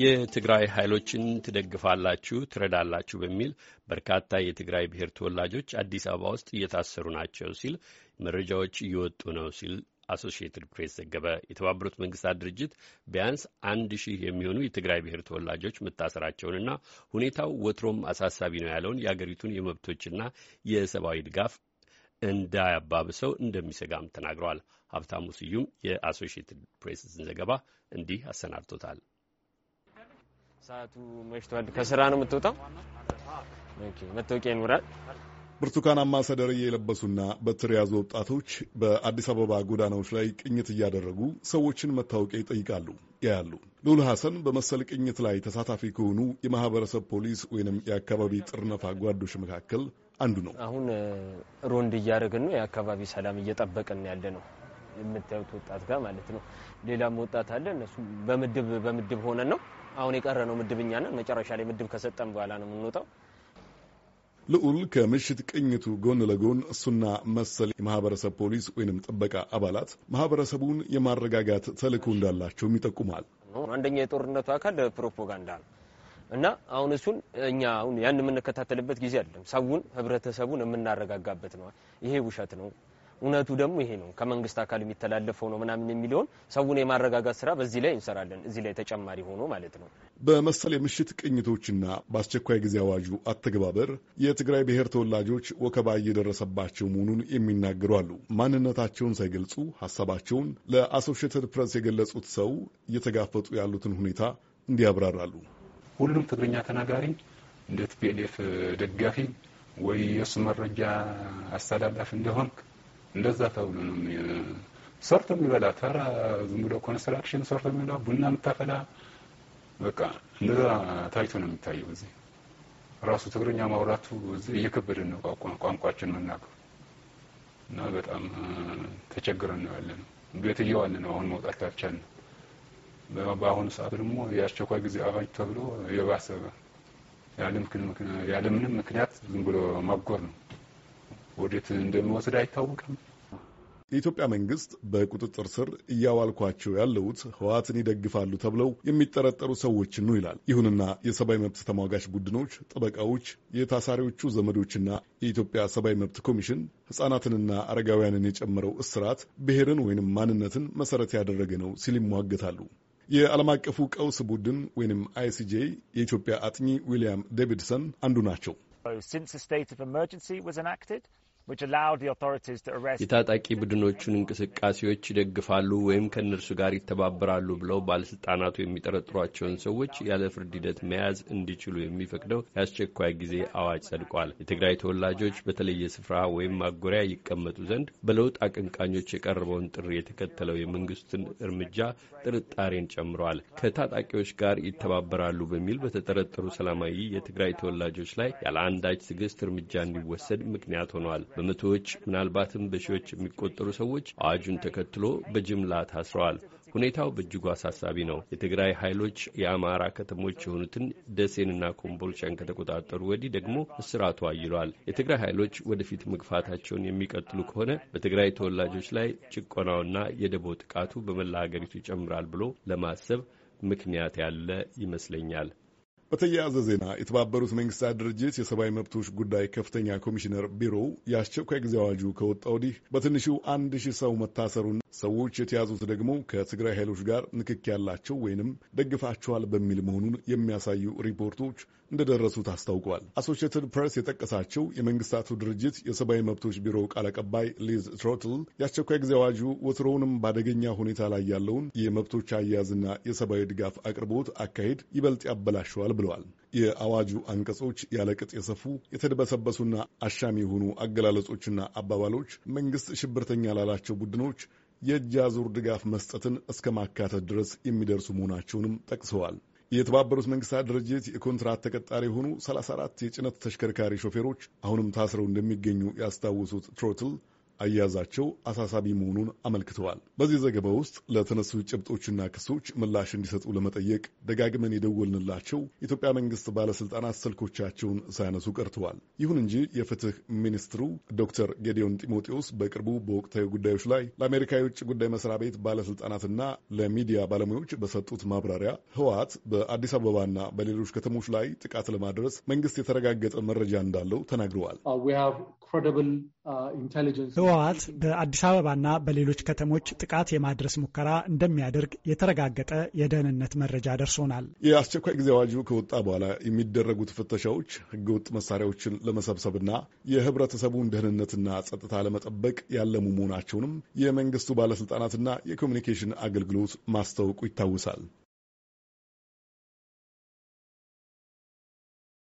የትግራይ ኃይሎችን ትደግፋላችሁ፣ ትረዳላችሁ በሚል በርካታ የትግራይ ብሔር ተወላጆች አዲስ አበባ ውስጥ እየታሰሩ ናቸው ሲል መረጃዎች እየወጡ ነው ሲል አሶሺየትድ ፕሬስ ዘገበ። የተባበሩት መንግስታት ድርጅት ቢያንስ አንድ ሺህ የሚሆኑ የትግራይ ብሔር ተወላጆች መታሰራቸውንና ሁኔታው ወትሮም አሳሳቢ ነው ያለውን የአገሪቱን የመብቶችና የሰብአዊ ድጋፍ እንዳያባብሰው እንደሚሰጋም ተናግረዋል። ሀብታሙ ስዩም የአሶሺየትድ ፕሬስን ዘገባ እንዲህ አሰናድቶታል። ሰዓቱ መሽቷል። ከስራ ነው የምትወጣው? መታወቂያ ይኖራል። ብርቱካናማ ሰደርዬ የለበሱና በትር የያዙ ወጣቶች በአዲስ አበባ ጎዳናዎች ላይ ቅኝት እያደረጉ ሰዎችን መታወቂያ ይጠይቃሉ ያያሉ። ልዑል ሐሰን በመሰል ቅኝት ላይ ተሳታፊ ከሆኑ የማህበረሰብ ፖሊስ ወይንም የአካባቢ ጥርነፋ ጓዶች መካከል አንዱ ነው። አሁን ሮንድ እያደረግን ነው። የአካባቢ ሰላም እየጠበቅን ያለ ነው የምታዩት ወጣት ጋር ማለት ነው። ሌላም ወጣት አለ። እነሱ በምድብ በምድብ ሆነን ነው አሁን የቀረ ነው ምድብኛ ነን። መጨረሻ ላይ ምድብ ከሰጠን በኋላ ነው የምንወጣው። ልዑል ከምሽት ቅኝቱ ጎን ለጎን እሱና መሰል የማህበረሰብ ፖሊስ ወይንም ጥበቃ አባላት ማህበረሰቡን የማረጋጋት ተልዕኮ እንዳላቸውም ይጠቁማል። አንደኛ የጦርነቱ አካል ፕሮፓጋንዳ ነው እና አሁን እሱን እኛ አሁን ያን የምንከታተልበት ጊዜ አይደለም። ሰውን ህብረተሰቡን የምናረጋጋበት ነው። ይሄ ውሸት ነው እውነቱ ደግሞ ይሄ ነው፣ ከመንግስት አካል የሚተላለፈው ነው ምናምን የሚለውን ሰውን የማረጋጋት ስራ በዚህ ላይ እንሰራለን። እዚህ ላይ ተጨማሪ ሆኖ ማለት ነው። በመሰል የምሽት ቅኝቶችና በአስቸኳይ ጊዜ አዋጁ አተገባበር የትግራይ ብሔር ተወላጆች ወከባ እየደረሰባቸው መሆኑን የሚናገሩ አሉ። ማንነታቸውን ሳይገልጹ ሀሳባቸውን ለአሶሽትድ ፕሬስ የገለጹት ሰው እየተጋፈጡ ያሉትን ሁኔታ እንዲያብራራሉ። ሁሉም ትግርኛ ተናጋሪ እንደ ቲፒኤልኤፍ ደጋፊ ወይ የእሱ መረጃ አስተላላፊ እንደሆንክ እንደዛ ተብሎ ነው ሰርቶ የሚበላ ተራ ዝም ብሎ ኮንስትራክሽን ሰርቶ የሚበላ ቡና የምታፈላ በቃ እንደዛ ታይቶ ነው የሚታየው። እዚህ ራሱ ትግርኛ ማውራቱ እዚህ እየከበደን ነው ቋንቋችን መናገሩ እና በጣም ተቸግረን ነው ያለ ነው። ቤት እየዋለ ነው አሁን መውጣት ካልቻልን። በአሁኑ ሰዓት ደግሞ የአስቸኳይ ጊዜ አዋጅ ተብሎ የባሰበ ያለ ምንም ምክንያት ዝም ብሎ ማጎር ነው። ወዴት እንደሚወስድ አይታወቅም። የኢትዮጵያ መንግስት በቁጥጥር ስር እያዋልኳቸው ያለሁት ህወሓትን ይደግፋሉ ተብለው የሚጠረጠሩ ሰዎችን ነው ይላል። ይሁንና የሰብአዊ መብት ተሟጋች ቡድኖች፣ ጠበቃዎች፣ የታሳሪዎቹ ዘመዶችና የኢትዮጵያ ሰብአዊ መብት ኮሚሽን ሕጻናትንና አረጋውያንን የጨመረው እስራት ብሔርን ወይንም ማንነትን መሰረት ያደረገ ነው ሲል ይሟገታሉ። የዓለም አቀፉ ቀውስ ቡድን ወይንም አይሲጄ የኢትዮጵያ አጥኚ ዊልያም ዴቪድሰን አንዱ ናቸው። የታጣቂ ቡድኖቹን እንቅስቃሴዎች ይደግፋሉ ወይም ከእነርሱ ጋር ይተባበራሉ ብለው ባለሥልጣናቱ የሚጠረጥሯቸውን ሰዎች ያለ ፍርድ ሂደት መያዝ እንዲችሉ የሚፈቅደው የአስቸኳይ ጊዜ አዋጅ ጸድቋል። የትግራይ ተወላጆች በተለየ ስፍራ ወይም ማጎሪያ ይቀመጡ ዘንድ በለውጥ አቀንቃኞች የቀረበውን ጥሪ የተከተለው የመንግስትን እርምጃ ጥርጣሬን ጨምረዋል። ከታጣቂዎች ጋር ይተባበራሉ በሚል በተጠረጠሩ ሰላማዊ የትግራይ ተወላጆች ላይ ያለ አንዳች ትዕግስት እርምጃ እንዲወሰድ ምክንያት ሆኗል። በመቶዎች ምናልባትም በሺዎች የሚቆጠሩ ሰዎች አዋጁን ተከትሎ በጅምላ ታስረዋል። ሁኔታው በእጅጉ አሳሳቢ ነው። የትግራይ ኃይሎች የአማራ ከተሞች የሆኑትን ደሴንና ኮምቦልቻን ከተቆጣጠሩ ወዲህ ደግሞ እስራቱ አይሏል። የትግራይ ኃይሎች ወደፊት መግፋታቸውን የሚቀጥሉ ከሆነ በትግራይ ተወላጆች ላይ ጭቆናውና የደቦ ጥቃቱ በመላ ሀገሪቱ ይጨምራል ብሎ ለማሰብ ምክንያት ያለ ይመስለኛል። በተያያዘ ዜና የተባበሩት መንግስታት ድርጅት የሰብአዊ መብቶች ጉዳይ ከፍተኛ ኮሚሽነር ቢሮው የአስቸኳይ ጊዜ አዋጁ ከወጣ ወዲህ በትንሹ አንድ ሺህ ሰው መታሰሩን ሰዎች የተያዙት ደግሞ ከትግራይ ኃይሎች ጋር ንክክ ያላቸው ወይንም ደግፋቸዋል በሚል መሆኑን የሚያሳዩ ሪፖርቶች እንደደረሱት አስታውቋል። አሶሽትድ ፕሬስ የጠቀሳቸው የመንግስታቱ ድርጅት የሰብአዊ መብቶች ቢሮ ቃል አቀባይ ሊዝ ትሮትል የአስቸኳይ ጊዜ አዋጁ ወትሮውንም ባደገኛ ሁኔታ ላይ ያለውን የመብቶች አያያዝና የሰብአዊ ድጋፍ አቅርቦት አካሄድ ይበልጥ ያበላሸዋል ብለዋል። የአዋጁ አንቀጾች ያለቅጥ የሰፉ የተደበሰበሱና አሻሚ የሆኑ አገላለጾችና አባባሎች መንግስት ሽብርተኛ ላላቸው ቡድኖች የእጅ አዙር ድጋፍ መስጠትን እስከ ማካተት ድረስ የሚደርሱ መሆናቸውንም ጠቅሰዋል። የተባበሩት መንግስታት ድርጅት የኮንትራት ተቀጣሪ የሆኑ 34 የጭነት ተሽከርካሪ ሾፌሮች አሁንም ታስረው እንደሚገኙ ያስታውሱት ትሮትል አያያዛቸው አሳሳቢ መሆኑን አመልክተዋል። በዚህ ዘገባ ውስጥ ለተነሱ ጭብጦችና ክሶች ምላሽ እንዲሰጡ ለመጠየቅ ደጋግመን የደወልንላቸው የኢትዮጵያ መንግስት ባለስልጣናት ስልኮቻቸውን ሳያነሱ ቀርተዋል። ይሁን እንጂ የፍትህ ሚኒስትሩ ዶክተር ጌዲዮን ጢሞቴዎስ በቅርቡ በወቅታዊ ጉዳዮች ላይ ለአሜሪካ የውጭ ጉዳይ መስሪያ ቤት ባለስልጣናትና ለሚዲያ ባለሙያዎች በሰጡት ማብራሪያ ህወሓት በአዲስ አበባና በሌሎች ከተሞች ላይ ጥቃት ለማድረስ መንግስት የተረጋገጠ መረጃ እንዳለው ተናግረዋል። uh, Uh, ህወሓት በአዲስ አበባና በሌሎች ከተሞች ጥቃት የማድረስ ሙከራ እንደሚያደርግ የተረጋገጠ የደህንነት መረጃ ደርሶናል። የአስቸኳይ ጊዜ አዋጁ ከወጣ በኋላ የሚደረጉት ፍተሻዎች ህገወጥ መሳሪያዎችን ለመሰብሰብና የህብረተሰቡን ደህንነትና ጸጥታ ለመጠበቅ ያለሙ መሆናቸውንም የመንግስቱ ባለስልጣናትና የኮሚኒኬሽን አገልግሎት ማስታወቁ ይታወሳል።